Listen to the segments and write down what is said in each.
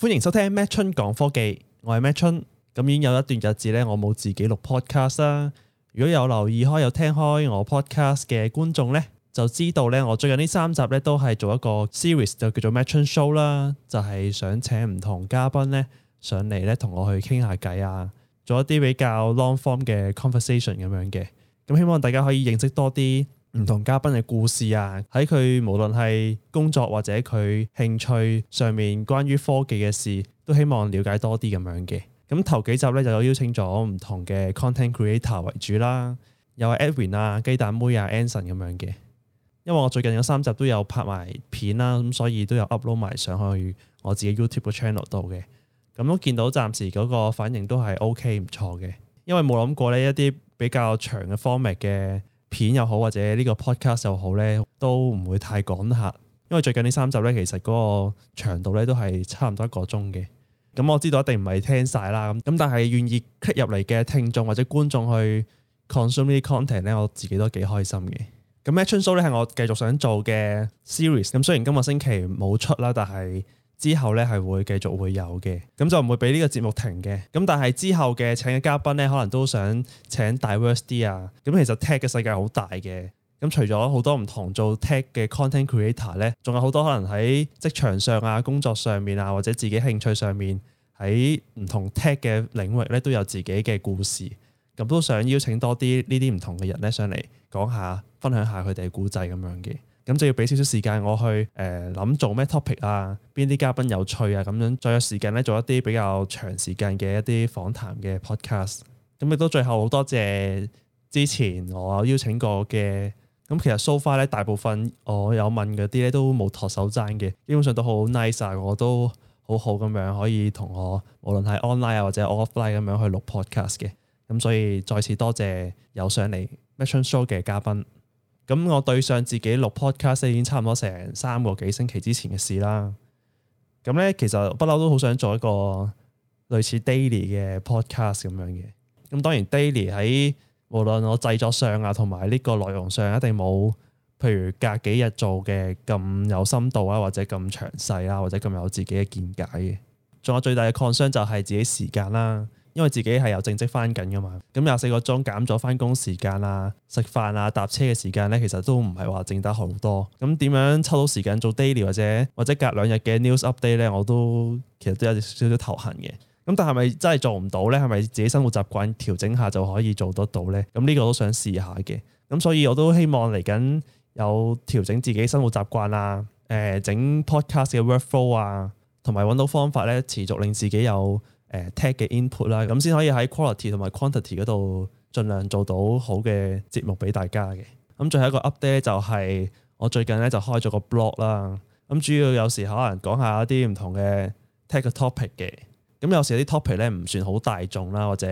歡迎收聽 Mad 春講科技，我係 Mad 春。咁已經有一段日子咧，我冇自己錄 podcast 啦。如果有留意開，有聽開我 podcast 嘅觀眾咧，就知道咧，我最近呢三集咧都係做一個 series，就叫做 Mad 春 Show 啦，就係想請唔同嘉賓咧上嚟咧同我去傾下偈啊，做一啲比較 long form 嘅 conversation 咁樣嘅。咁希望大家可以認識多啲。唔同嘉賓嘅故事啊，喺佢無論係工作或者佢興趣上面，關於科技嘅事，都希望了解多啲咁樣嘅。咁頭幾集咧就有邀請咗唔同嘅 content creator 為主啦，又係 Edwin 啊、雞蛋妹啊、Anson 咁樣嘅。因為我最近有三集都有拍埋片啦，咁所以都有 upload 埋上去我自己 YouTube 個 channel 度嘅。咁都見到暫時嗰個反應都係 OK 唔錯嘅，因為冇諗過呢一啲比較長嘅 format 嘅。片又好或者呢個 podcast 又好咧，都唔會太趕客，因為最近呢三集咧，其實嗰個長度咧都係差唔多一個鐘嘅。咁我知道一定唔係聽晒啦，咁咁但係願意 click 入嚟嘅聽眾或者觀眾去 consume 呢啲 content 咧，我自己都幾開心嘅。咁 match show 咧係我繼續想做嘅 series。咁雖然今個星期冇出啦，但係。之後咧係會繼續會有嘅，咁就唔會俾呢個節目停嘅。咁但係之後嘅請嘅嘉賓咧，可能都想請 diverse 啲啊。咁其實 tech 嘅世界好大嘅。咁除咗好多唔同做 tech 嘅 content creator 咧，仲有好多可能喺職場上啊、工作上面啊，或者自己興趣上面，喺唔同 tech 嘅領域咧都有自己嘅故事。咁都想邀請多啲呢啲唔同嘅人咧上嚟講下、分享下佢哋嘅故仔咁樣嘅。咁就要俾少少時間我去誒諗、呃、做咩 topic 啊，邊啲嘉賓有趣啊，咁樣再有時間咧做一啲比較長時間嘅一啲訪談嘅 podcast。咁亦都最後好多謝之前我邀請過嘅。咁其實 so far 咧，大部分我有問嗰啲咧都冇托手踭嘅，基本上都好 nice 啊，我都好好咁樣可以同我無論係 online 啊或者 offline 咁樣去錄 podcast 嘅。咁所以再次多謝有上嚟 MadChun Show 嘅嘉賓。咁我對上自己錄 podcast 已經差唔多成三個幾星期之前嘅事啦。咁咧其實不嬲都好想做一個類似 daily 嘅 podcast 咁樣嘅。咁當然 daily 喺無論我製作上啊同埋呢個內容上一定冇，譬如隔幾日做嘅咁有深度啊或者咁詳細啊或者咁有自己嘅見解嘅。仲有最大嘅 concern 就係自己時間啦、啊。因為自己係由正職翻緊噶嘛，咁廿四個鐘減咗翻工時間啦、啊、食飯啊、搭車嘅時間咧，其實都唔係話剩得好多。咁點樣抽到時間做 daily 或者或者隔兩日嘅 news update 咧，我都其實都有少少頭痕嘅。咁但係咪真係做唔到咧？係咪自己生活習慣調整下就可以做得到咧？咁呢個都想試下嘅。咁所以我都希望嚟緊有調整自己生活習慣啊，誒、呃、整 podcast 嘅 workflow 啊，同埋揾到方法咧，持續令自己有。誒、呃、Tech 嘅 input 啦，咁先可以喺 quality 同埋 quantity 嗰度盡量做到好嘅節目俾大家嘅。咁、嗯、最後一個 update 就係我最近咧就開咗個 blog 啦。咁、嗯、主要有時可能講下一啲唔同嘅 Tech topic 嘅。咁有時啲 topic 咧唔算好大眾啦，或者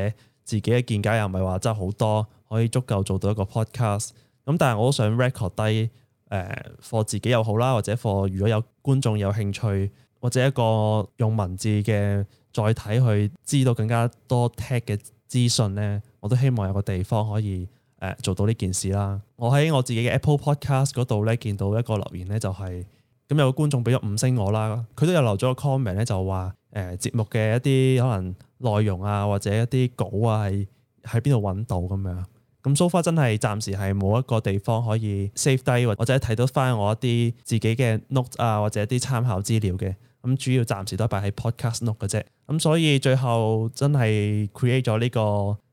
自己嘅見解又唔係話真係好多可以足夠做到一個 podcast、嗯。咁但係我都想 record 低誒、呃、for 自己又好啦，或者 for 如果有觀眾有興趣，或者一個用文字嘅。再睇去知道更加多 Tech 嘅資訊咧，我都希望有個地方可以誒、呃、做到呢件事啦。我喺我自己嘅 Apple Podcast 度咧見到一個留言咧，就係、是、咁有個觀眾俾咗五星我啦，佢都有留咗個 comment 咧，就話誒節目嘅一啲可能內容啊，或者一啲稿啊，係喺邊度揾到咁樣？咁 So far 真係暫時係冇一個地方可以 save 低，或者睇到翻我一啲自己嘅 note 啊，或者一啲參考資料嘅。咁主要暫時都擺喺 Podcast Note 嘅啫，咁、嗯、所以最後真係 create 咗、這個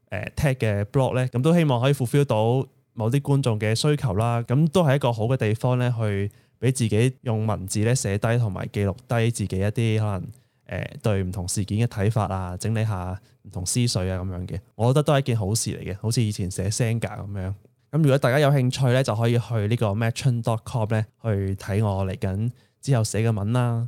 呃、呢個誒 Tech 嘅 blog 咧，咁、嗯、都希望可以 fulfill 到某啲觀眾嘅需求啦，咁、嗯、都係一個好嘅地方咧，去俾自己用文字咧寫低同埋記錄低自己一啲可能誒、呃、對唔同事件嘅睇法啊，整理下唔同思緒啊咁樣嘅，我覺得都係一件好事嚟嘅，好似以前寫 Senga 咁樣。咁、嗯、如果大家有興趣咧，就可以去個 com 呢個 madchun.com 咧去睇我嚟緊之後寫嘅文啦。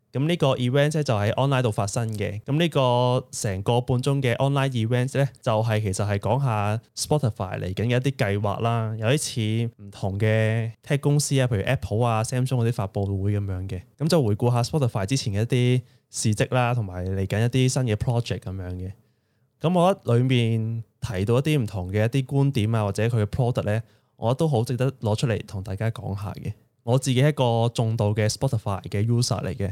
咁呢個 event 咧就喺 online 度發生嘅。咁呢個成個半鐘嘅 online event 咧，就係其實係講下 Spotify 嚟緊嘅一啲計劃啦，有啲似唔同嘅 tech 公司啊，譬如 Apple 啊、Samsung 嗰啲發布會咁樣嘅。咁就回顧下 Spotify 之前嘅一啲事蹟啦，同埋嚟緊一啲新嘅 project 咁樣嘅。咁我覺得裏面提到一啲唔同嘅一啲觀點啊，或者佢嘅 product 咧，我都好值得攞出嚟同大家講下嘅。我自己係一個重度嘅 Spotify 嘅 user 嚟嘅。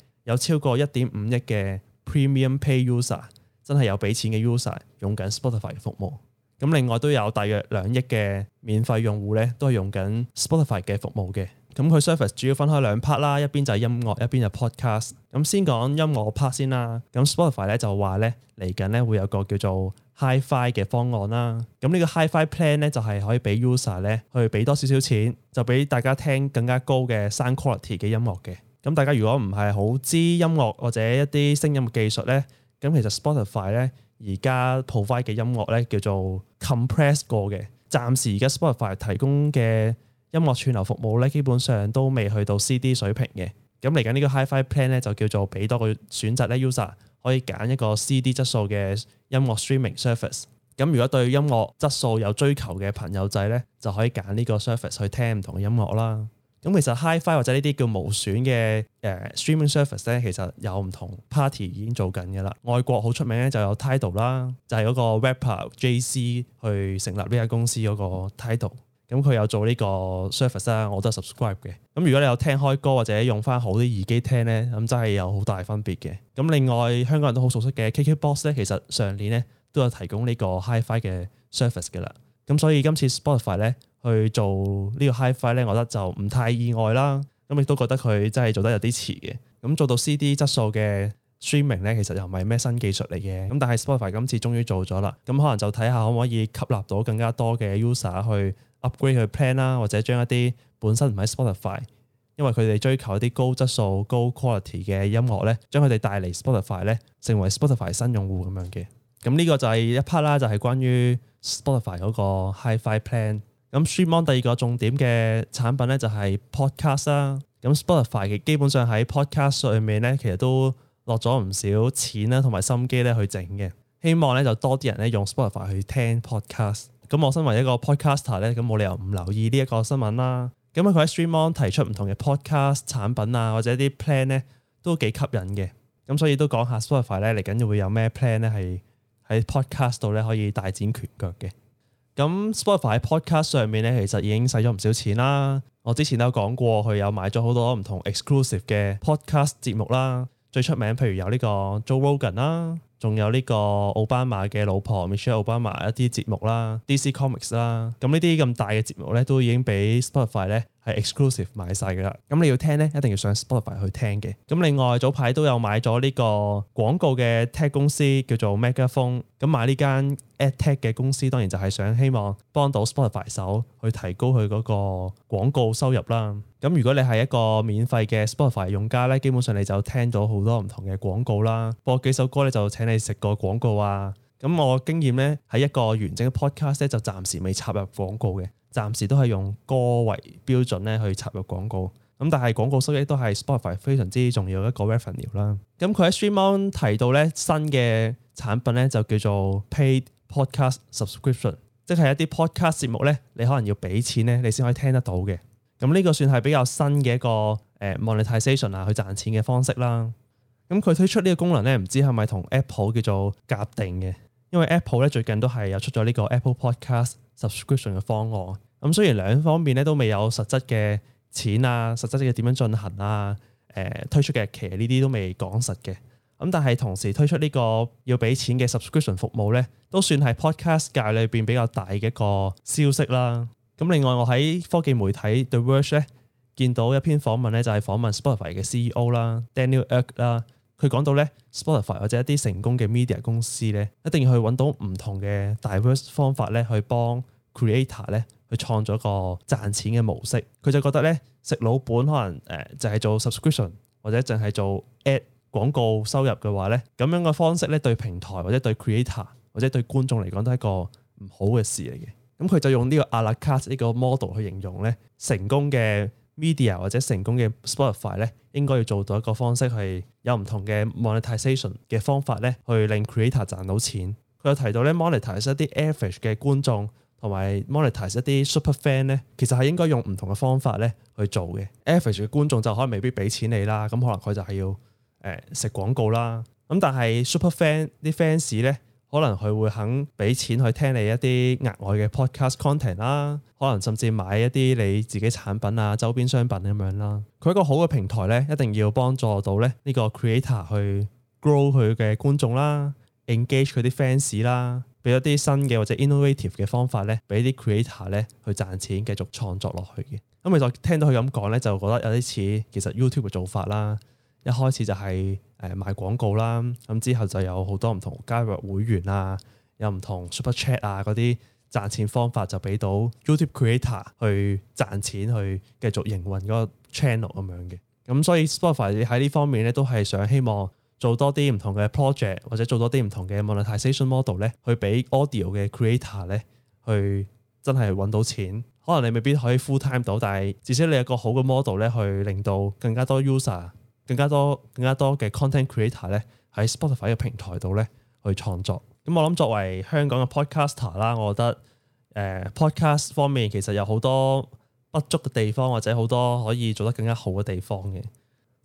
有超過一點五億嘅 premium pay user，真係有俾錢嘅 user 用緊 Spotify 嘅服務。咁另外都有大約兩億嘅免費用戶咧，都係用緊 Spotify 嘅服務嘅。咁佢 service 主要分開兩 part 啦，一邊就係音樂，一邊就 podcast。咁先講音樂 part 先啦。咁 Spotify 咧就話咧嚟緊咧會有個叫做 HiFi 嘅方案啦。咁呢個 HiFi plan 咧就係可以俾 user 咧去俾多少少錢，就俾大家聽更加高嘅 sound quality 嘅音樂嘅。咁大家如果唔係好知音樂或者一啲聲音技術咧，咁其實 Spotify 咧而家 provide 嘅音樂咧叫做 compress 過嘅。暫時而家 Spotify 提供嘅音樂串流服務咧，基本上都未去到 CD 水平嘅。咁嚟緊呢個 HiFi Plan 咧就叫做俾多個選擇咧 user 可以揀一個 CD 質素嘅音樂 streaming service。咁如果對音樂質素有追求嘅朋友仔咧，就可以揀呢個 service 去聽唔同嘅音樂啦。咁其實 HiFi 或者呢啲叫無損嘅誒 streaming service 咧，其實有唔同 party 已經做緊嘅啦。外國好出名咧就有 Tidal 啦，就係嗰個 rapper JC 去成立呢間公司嗰個 Tidal，咁佢有做呢個 service 啊，我都係 subscribe 嘅。咁如果你有聽開歌或者用返好啲耳機聽咧，咁真係有好大分別嘅。咁另外香港人都好熟悉嘅 KKBox 咧，其實上年咧都有提供呢個 HiFi 嘅 service 嘅啦。咁所以今次 Spotify 咧，去做呢個 HiFi 咧，我覺得就唔太意外啦。咁、嗯、亦都覺得佢真係做得有啲遲嘅。咁、嗯、做到 CD 質素嘅 Streaming 咧，其實又唔係咩新技術嚟嘅。咁、嗯、但係 Spotify 今次終於做咗啦。咁、嗯、可能就睇下可唔可以吸納到更加多嘅 user 去 upgrade 佢 plan 啦，或者將一啲本身唔喺 Spotify，因為佢哋追求一啲高質素高 quality 嘅音樂咧，將佢哋帶嚟 Spotify 咧，成為 Spotify 新用戶咁樣嘅。咁、嗯、呢、呢個就係一 part 啦，就係、是、關於 Spotify 嗰個 HiFi plan。咁 Stream On 第二個重點嘅產品咧就係、是、Podcast 啦，咁 Spotify 其實基本上喺 Podcast 上面咧，其實都落咗唔少錢啦，同埋心機咧去整嘅，希望咧就多啲人咧用 Spotify 去聽 Podcast。咁我身為一個 Podcaster 咧，咁冇理由唔留意呢一個新聞啦。咁佢喺 Stream On 提出唔同嘅 Podcast 產品啊，或者啲 plan 咧都幾吸引嘅。咁所以都講下 Spotify 咧嚟緊會有咩 plan 咧，係喺 Podcast 度咧可以大展拳腳嘅。咁 Spotify Podcast 上面咧，其實已經使咗唔少錢啦。我之前都有講過，佢有買咗好多唔同 exclusive 嘅 Podcast 節目啦。最出名譬如有呢個 Joe Rogan 啦，仲有呢個奧巴馬嘅老婆 Michelle Obama 一啲節目啦，DC Comics 啦。咁呢啲咁大嘅節目咧，都已經俾 Spotify 咧。係 exclusive 買晒㗎啦，咁你要聽咧，一定要上 Spotify 去聽嘅。咁另外早排都有買咗呢個廣告嘅 tech 公司叫做 Megaphone。咁買呢間 ad tech 嘅公司，當然就係想希望幫到 Spotify 手去提高佢嗰個廣告收入啦。咁如果你係一個免費嘅 Spotify 用家咧，基本上你就聽到好多唔同嘅廣告啦，播幾首歌咧就請你食個廣告啊。咁我經驗咧，喺一個完整嘅 podcast 咧就暫時未插入廣告嘅。暫時都係用歌為標準咧去插入廣告，咁但係廣告收益都係 Spotify 非常之重要一個 revenue 啦。咁佢喺 Stream On 提到咧新嘅產品咧就叫做 paid podcast subscription，即係一啲 podcast 節目咧你可能要俾錢咧你先可以聽得到嘅。咁呢個算係比較新嘅一個誒、呃、monetization 啊，去賺錢嘅方式啦。咁佢推出呢個功能咧，唔知係咪同 Apple 叫做夾定嘅，因為 Apple 咧最近都係有出咗呢個 Apple Podcast。subscription 嘅方案咁，雖然兩方面咧都未有實質嘅錢啊，實質嘅點樣進行啊，誒、呃、推出嘅日期呢啲都未講實嘅。咁但係同時推出呢個要俾錢嘅 subscription 服務咧，都算係 podcast 界裏邊，比較大嘅一個消息啦。咁另外我喺科技媒體 The Verge 咧見到一篇訪問咧，就係訪問 Spotify 嘅 CEO 啦 Daniel Ek、er、啦。佢講到咧，Spotify 或者一啲成功嘅 media 公司咧，一定要去揾到唔同嘅 diverse 方法咧，去幫 creator 咧去創造一個賺錢嘅模式。佢就覺得咧，食老本可能誒、呃，就係、是、做 subscription 或者淨係做 ad 廣告收入嘅話咧，咁樣嘅方式咧，對平台或者對 creator 或者對觀眾嚟講都係一個唔好嘅事嚟嘅。咁佢就用呢個 à la carte 呢個 model 去形容咧成功嘅。Media 或者成功嘅 Spotify 咧，應該要做到一個方式係有唔同嘅 monetization 嘅方法咧，去令 creator 賺到錢。佢又提到咧，monetize 一啲 average 嘅觀眾同埋 monetize 一啲 super fan 咧，其實係應該用唔同嘅方法咧去做嘅。average 嘅觀眾就可能未必俾錢你啦，咁可能佢就係要誒食廣告啦。咁但係 super fan 啲 fans 咧。可能佢會肯俾錢去聽你一啲額外嘅 podcast content 啦，可能甚至買一啲你自己產品啊、周邊商品咁樣啦。佢一個好嘅平台咧，一定要幫助到咧呢個 creator 去 grow 佢嘅觀眾啦，engage 佢啲 fans 啦，俾一啲新嘅或者 innovative 嘅方法咧，俾啲 creator 咧去賺錢繼續創作落去嘅。咁其實聽到佢咁講咧，就覺得有啲似其實 YouTube 嘅做法啦。一開始就係。誒賣廣告啦，咁之後就有好多唔同加入會員啊，有唔同 Super Chat 啊嗰啲賺錢方法就俾到 YouTube Creator 去賺錢去繼續營運嗰個 channel 咁樣嘅。咁、嗯、所以 Spotify 喺呢方面咧都係想希望做多啲唔同嘅 project 或者做多啲唔同嘅 monetization model 咧，去俾 audio 嘅 creator 咧去真係揾到錢。可能你未必可以 full time 到，但係至少你有個好嘅 model 咧去令到更加多 user。更加多更加多嘅 content creator 咧，喺 Spotify 嘅平台度咧去創作。咁我諗作為香港嘅 podcaster 啦，我覺得誒 podcast 方面其實有好多不足嘅地方，或者好多可以做得更加好嘅地方嘅。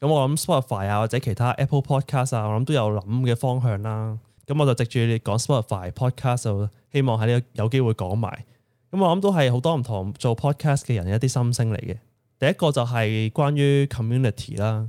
咁我諗 Spotify 啊，或者其他 Apple Podcast 啊，我諗都有諗嘅方向啦。咁我就藉住你講 Spotify podcast，就希望喺呢個有機會講埋。咁我諗都係好多唔同做 podcast 嘅人嘅一啲心聲嚟嘅。第一個就係關於 community 啦。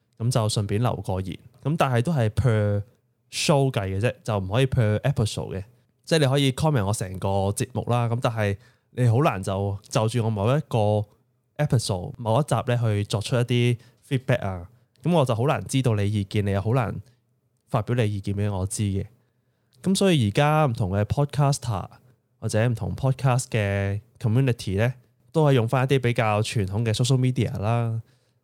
咁就順便留個言，咁但係都係 per show 計嘅啫，就唔可以 per episode 嘅。即係你可以 comment 我成個節目啦，咁但係你好難就就住我某一個 episode、某一集咧去作出一啲 feedback 啊。咁我就好難知道你意見，你又好難發表你意見俾我知嘅。咁所以而家唔同嘅 podcaster 或者唔同 podcast 嘅 community 咧，都係用翻一啲比較傳統嘅 social media 啦。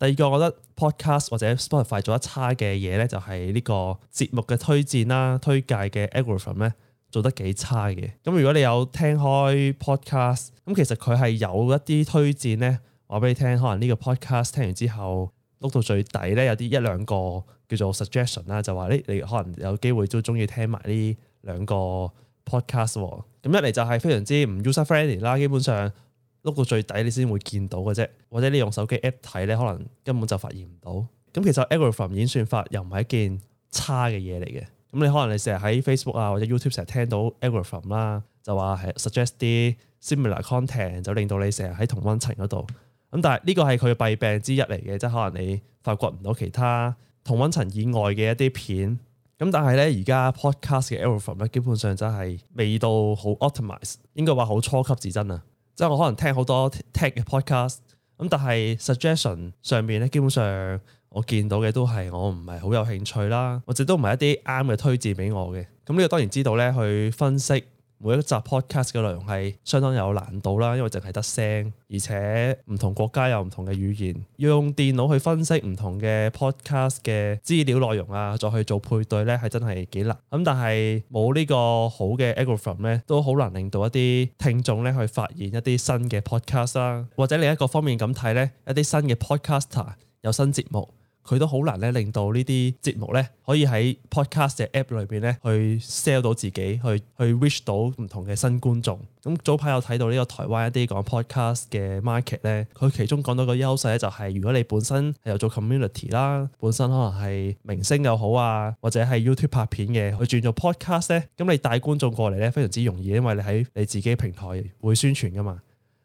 第二個，我覺得 podcast 或者 Spotify 做得差嘅嘢咧，就係呢個節目嘅推薦啦、推介嘅 algorithm 咧做得幾差嘅。咁如果你有聽開 podcast，咁其實佢係有一啲推薦咧，話俾你聽，可能呢個 podcast 聽完之後碌到最底咧，有啲一兩個叫做 suggestion 啦，就話咧你可能有機會都中意聽埋呢兩個 podcast 喎。咁、嗯、一嚟就係非常之唔 user-friendly 啦，基本上。碌到最底你先會見到嘅啫，或者你用手機 app 睇咧，可能根本就發現唔到。咁其實 algorithm 演算法又唔係一件差嘅嘢嚟嘅。咁你可能你成日喺 Facebook 啊或者 YouTube 成日聽到 algorithm 啦，就話係 suggest 啲 similar content 就令到你成日喺同溫層嗰度。咁但係呢個係佢嘅弊病之一嚟嘅，即係可能你發掘唔到其他同溫層以外嘅一啲片。咁但係咧而家 podcast 嘅 algorithm 咧，基本上真係未到好 optimise，應該話好初級至真啊。即係我可能聽好多 tech 嘅 podcast，咁但係 suggestion 上面咧，基本上我見到嘅都係我唔係好有興趣啦，或者不是我亦都唔係一啲啱嘅推薦俾我嘅，咁、這、呢個當然知道咧去分析。每一集 podcast 嘅內容係相當有難度啦，因為淨係得聲，而且唔同國家有唔同嘅語言，要用電腦去分析唔同嘅 podcast 嘅資料內容啊，再去做配對呢，係真係幾難。咁但係冇呢個好嘅 algorithm 咧，都好難令到一啲聽眾咧去發現一啲新嘅 podcast 啦，或者另一個方面咁睇呢，一啲新嘅 podcaster 有新節目。佢都好難咧，令到節呢啲節目咧可以喺 podcast 嘅 app 裏邊咧去 sell 到自己，去去 reach 到唔同嘅新觀眾。咁、嗯、早排有睇到呢個台灣一啲講 podcast 嘅 market 咧，佢其中講到個優勢咧就係、是，如果你本身係有做 community 啦，本身可能係明星又好啊，或者係 YouTube 拍片嘅，去轉做 podcast 咧，咁你帶觀眾過嚟咧非常之容易，因為你喺你自己平台會宣傳噶嘛。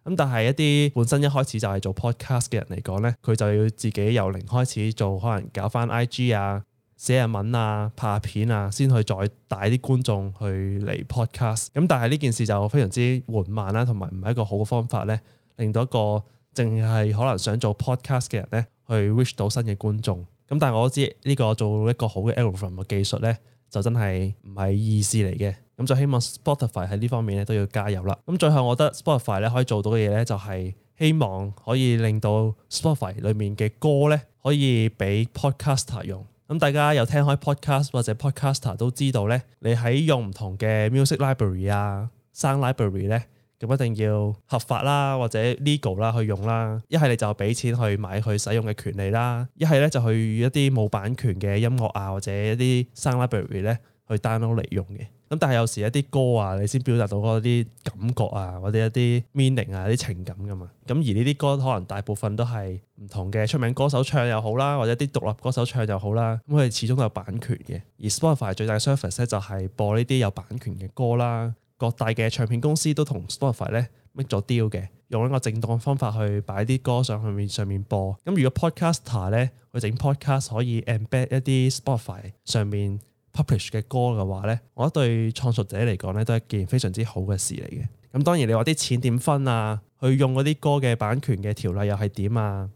咁但係一啲本身一開始就係做 podcast 嘅人嚟講咧，佢就要自己由零開始做，可能搞翻 IG 啊、寫日文啊、拍片啊，先去再帶啲觀眾去嚟 podcast。咁但係呢件事就非常之緩慢啦，同埋唔係一個好嘅方法咧，令到一個淨係可能想做 podcast 嘅人咧，去 reach 到新嘅觀眾。咁但係我知呢個做一個好嘅 algorithm 嘅技術咧，就真係唔係易事嚟嘅。咁就希望 Spotify 喺呢方面咧都要加油啦。咁最後我覺得 Spotify 咧可以做到嘅嘢咧，就係希望可以令到 Spotify 裏面嘅歌咧，可以俾 Podcaster 用。咁大家有聽開 Podcast 或者 Podcaster 都知道咧，你喺用唔同嘅 Music Library 啊、Sound Library 咧，咁一定要合法啦，或者 legal 啦去用啦。一係你就俾錢去買佢使用嘅權利啦；一係咧就去一啲冇版權嘅音樂啊，或者一啲 Sound Library 咧去 download 嚟用嘅。咁但係有時一啲歌啊，你先表達到嗰啲感覺啊，或者一啲 meaning 啊，啲情感噶嘛。咁而呢啲歌可能大部分都係唔同嘅出名歌手唱又好啦，或者啲獨立歌手唱又好啦。咁佢哋始終都有版權嘅。而 Spotify 最大嘅 service 咧就係播呢啲有版權嘅歌啦。各大嘅唱片公司都同 Spotify 咧 make 咗 deal 嘅，用一個正當方法去擺啲歌上去面上面播。咁如果 podcaster 咧，佢整 podcast 可以 embed 一啲 Spotify 上面，Publish 嘅歌嘅話咧，我覺得對創作者嚟講咧都係一件非常之好嘅事嚟嘅。咁當然你話啲錢點分啊？去用嗰啲歌嘅版權嘅條例又係點啊？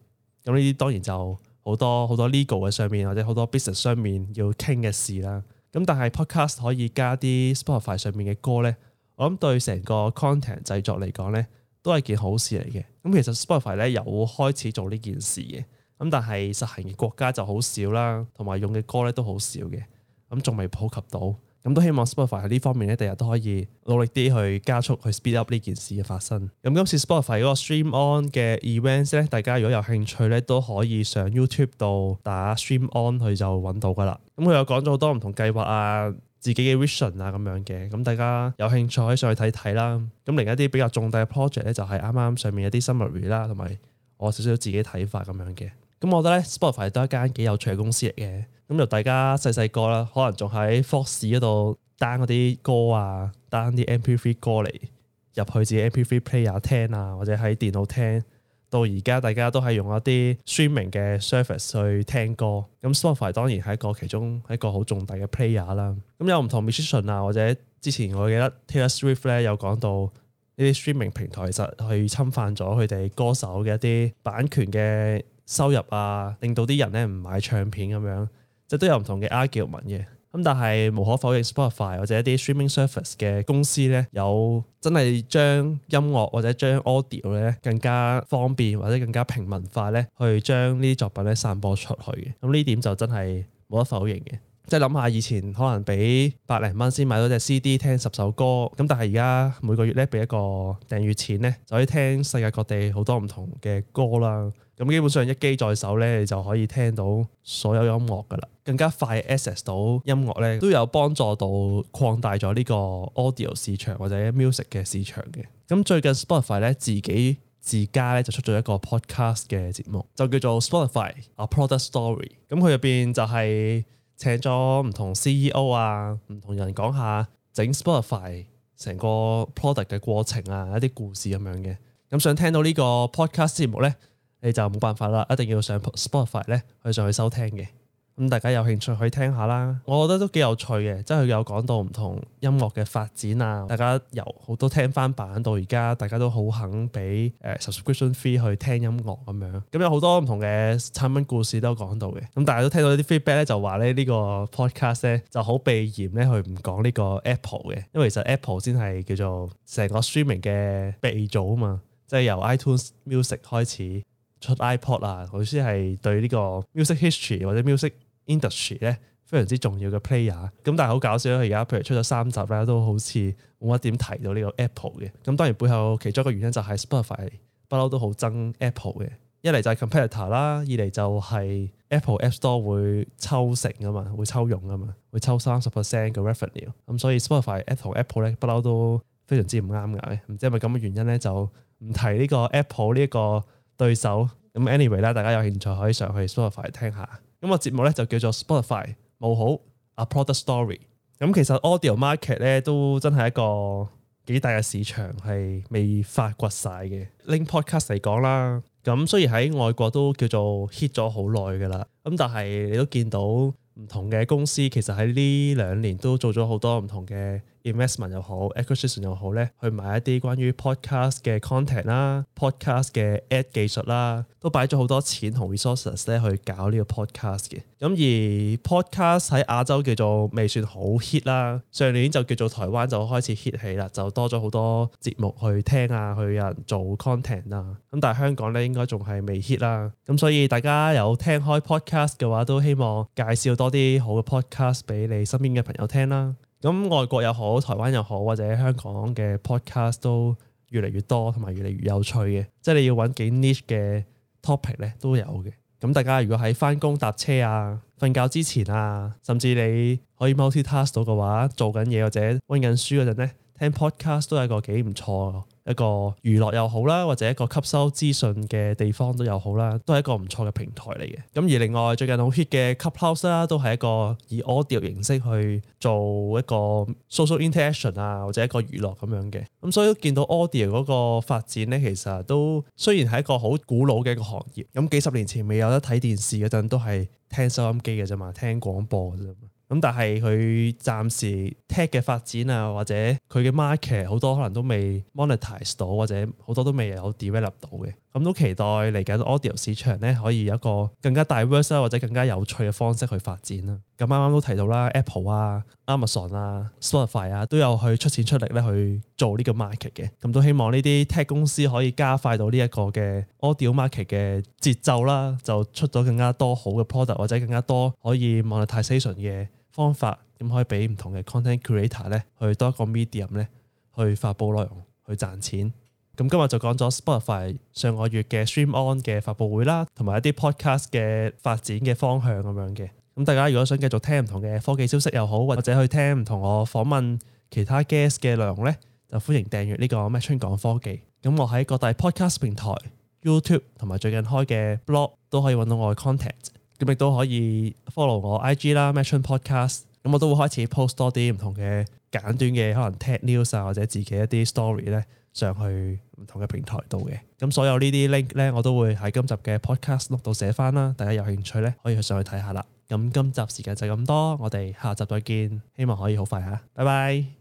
咁呢啲當然就好多好多 legal 嘅上面或者好多 business 上面要傾嘅事啦。咁但係 podcast 可以加啲 Spotify 上面嘅歌咧，我諗對成個 content 製作嚟講咧都係件好事嚟嘅。咁其實 Spotify 咧有開始做呢件事嘅，咁但係實行嘅國家就好少啦，同埋用嘅歌咧都好少嘅。咁仲未普及到，咁都希望 Spotify 喺呢方面咧，第日都可以努力啲去加速，去 speed up 呢件事嘅發生。咁今次 Spotify 嗰個 Stream On 嘅 events 咧，大家如果有興趣咧，都可以上 YouTube 度打 Stream On，佢就揾到噶啦。咁佢又講咗好多唔同計劃啊、自己嘅 vision 啊咁樣嘅。咁大家有興趣可以上去睇睇啦。咁另一啲比較重大嘅 project 咧，就係啱啱上面一啲 summary 啦，同埋我有少少自己睇法咁樣嘅。咁我覺得咧，Spotify 都係一間幾有趣嘅公司嚟嘅。咁就大家細細個啦，可能仲喺 Fox 嗰度 down 嗰啲歌啊，down 啲 MP3 歌嚟入去自己 MP3 player 聽啊，或者喺電腦聽到而家大家都係用一啲 streaming 嘅 service 去聽歌，咁 Spotify 當然係一個其中一個好重大嘅 player 啦。咁有唔同 musician 啊，或者之前我記得 Taylor Swift 咧，有講到呢啲 streaming 平台其實去侵犯咗佢哋歌手嘅一啲版權嘅收入啊，令到啲人咧唔買唱片咁樣。即都有唔同嘅 argument 嘅，咁但係無可否認，Spotify 或者一啲 streaming service 嘅公司咧，有真係將音樂或者將 audio 咧更加方便或者更加平民化咧，去將呢啲作品咧散播出去嘅。咁呢點就真係冇得否認嘅。即係諗下以前可能俾百零蚊先買到隻 CD 聽十首歌，咁但係而家每個月咧俾一個訂閱錢咧，就可以聽世界各地好多唔同嘅歌啦。咁基本上一機在手呢，你就可以聽到所有音樂㗎喇，更加快 access 到音樂呢，都有幫助到擴大咗呢個 audio 市場或者 music 嘅市場嘅。咁最近 Spotify 呢自己自家呢就出咗一個 podcast 嘅節目，就叫做 Spotify A Product Story。咁佢入邊就係請咗唔同 CEO 啊，唔同人講下 Sp 整 Spotify 成個 product 嘅過程啊，一啲故事咁樣嘅。咁想聽到個節呢個 podcast 節目呢？你就冇辦法啦，一定要上 Spotify 咧去上去收聽嘅。咁大家有興趣可以聽下啦，我覺得都幾有趣嘅，即係佢有講到唔同音樂嘅發展啊。大家由好多聽翻版到而家，大家都好肯俾誒 subscription fee 去聽音樂咁樣。咁、嗯、有好多唔同嘅產品故事都有講到嘅。咁、嗯、大家都聽到呢啲 feedback 咧，就話咧呢個 podcast 咧就好避嫌咧，佢唔講呢個 Apple 嘅，因為其實 Apple 先係叫做成個 streaming 嘅鼻祖啊嘛，即係由 iTunes Music 開始。出 iPod 啦，好似係對呢個 music history 或者 music industry 咧非常之重要嘅 player。咁但係好搞笑啦，而家譬如出咗三集啦，都好似冇乜點提到呢個 Apple 嘅。咁當然背後其中一個原因就係 Spotify 不嬲都好憎 Apple 嘅，一嚟就係 competitor 啦，二嚟就係 Apple App Store 會抽成啊嘛，會抽傭啊嘛，會抽三十 percent 嘅 revenue。咁 re 所以 Spotify Apple Apple 咧不嬲都非常之唔啱嘅。唔知係咪咁嘅原因咧，就唔提呢個 Apple 呢個對手咁，anyway 啦，大家有興趣可以上去 Spotify 聽下。咁個節目咧就叫做 Spotify 冇好 A Product Story。咁其實 Audio Market 咧都真係一個幾大嘅市場，係未發掘晒嘅。Link Podcast 嚟講啦，咁雖然喺外國都叫做 hit 咗好耐噶啦，咁但係你都見到唔同嘅公司，其實喺呢兩年都做咗好多唔同嘅。investment 又好，acquisition 又好咧，去買一啲關於 podcast 嘅 content 啦，podcast 嘅 ad 技術啦，都擺咗好多錢同 resources 咧去搞呢個 podcast 嘅。咁而 podcast 喺亞洲叫做未算好 hit 啦，上年就叫做台灣就開始 hit 起啦，就多咗好多節目去聽啊，去有人做 content 啊。咁但係香港咧應該仲係未 hit 啦。咁所以大家有聽開 podcast 嘅話，都希望介紹多啲好嘅 podcast 俾你身邊嘅朋友聽啦。咁外國又好，台灣又好，或者香港嘅 podcast 都越嚟越多，同埋越嚟越有趣嘅。即係你要揾幾 niche 嘅 topic 咧，都有嘅。咁大家如果喺翻工搭車啊、瞓覺之前啊，甚至你可以 multitask 到嘅話，做緊嘢或者温緊書嗰陣咧，聽 podcast 都係一個幾唔錯。一個娛樂又好啦，或者一個吸收資訊嘅地方都又好啦，都係一個唔錯嘅平台嚟嘅。咁而另外最近好 hit 嘅 Clubhouse 啦，都係一個以 Audio 形式去做一個 social interaction 啊，或者一個娛樂咁樣嘅。咁所以都見到 Audio 嗰個發展咧，其實都雖然係一個好古老嘅一個行業。咁幾十年前未有得睇電視嗰陣，都係聽收音機嘅啫嘛，聽廣播啫嘛。咁但係佢暫時 Tech 嘅發展啊，或者佢嘅 market 好多可能都未 monetize 到，或者好多都未有 develop 到嘅。咁都期待嚟緊 Audio 市場咧可以有一個更加大 diverse 啊，或者更加有趣嘅方式去發展啦。咁啱啱都提到啦，Apple 啊、Amazon 啊、Spotify 啊都有去出錢出力咧去做呢個 market 嘅。咁都希望呢啲 Tech 公司可以加快到呢一個嘅 Audio market 嘅節奏啦，就出咗更加多好嘅 product 或者更加多可以 monetization 嘅。方法點可以俾唔同嘅 content creator 咧，去多一個 medium 咧，去發佈內容，去賺錢。咁今日就講咗 Spotify 上個月嘅 Stream On 嘅發布會啦，同埋一啲 podcast 嘅發展嘅方向咁樣嘅。咁大家如果想繼續聽唔同嘅科技消息又好，或者去聽唔同我訪問其他 guest 嘅內容咧，就歡迎訂閱呢個咩春講科技。咁我喺各大 podcast 平台、YouTube 同埋最近開嘅 blog 都可以揾到我嘅 contact。咁亦都可以 follow 我 IG 啦，Madchun Podcast，咁我都會開始 post 多啲唔同嘅簡短嘅可能 tech news 啊，或者自己一啲 story 咧上去唔同嘅平台度嘅。咁所有呢啲 link 咧，我都會喺今集嘅 podcast note 度寫翻啦。大家有興趣咧，可以去上去睇下啦。咁今集時間就咁多，我哋下集再見。希望可以好快嚇、啊，拜拜。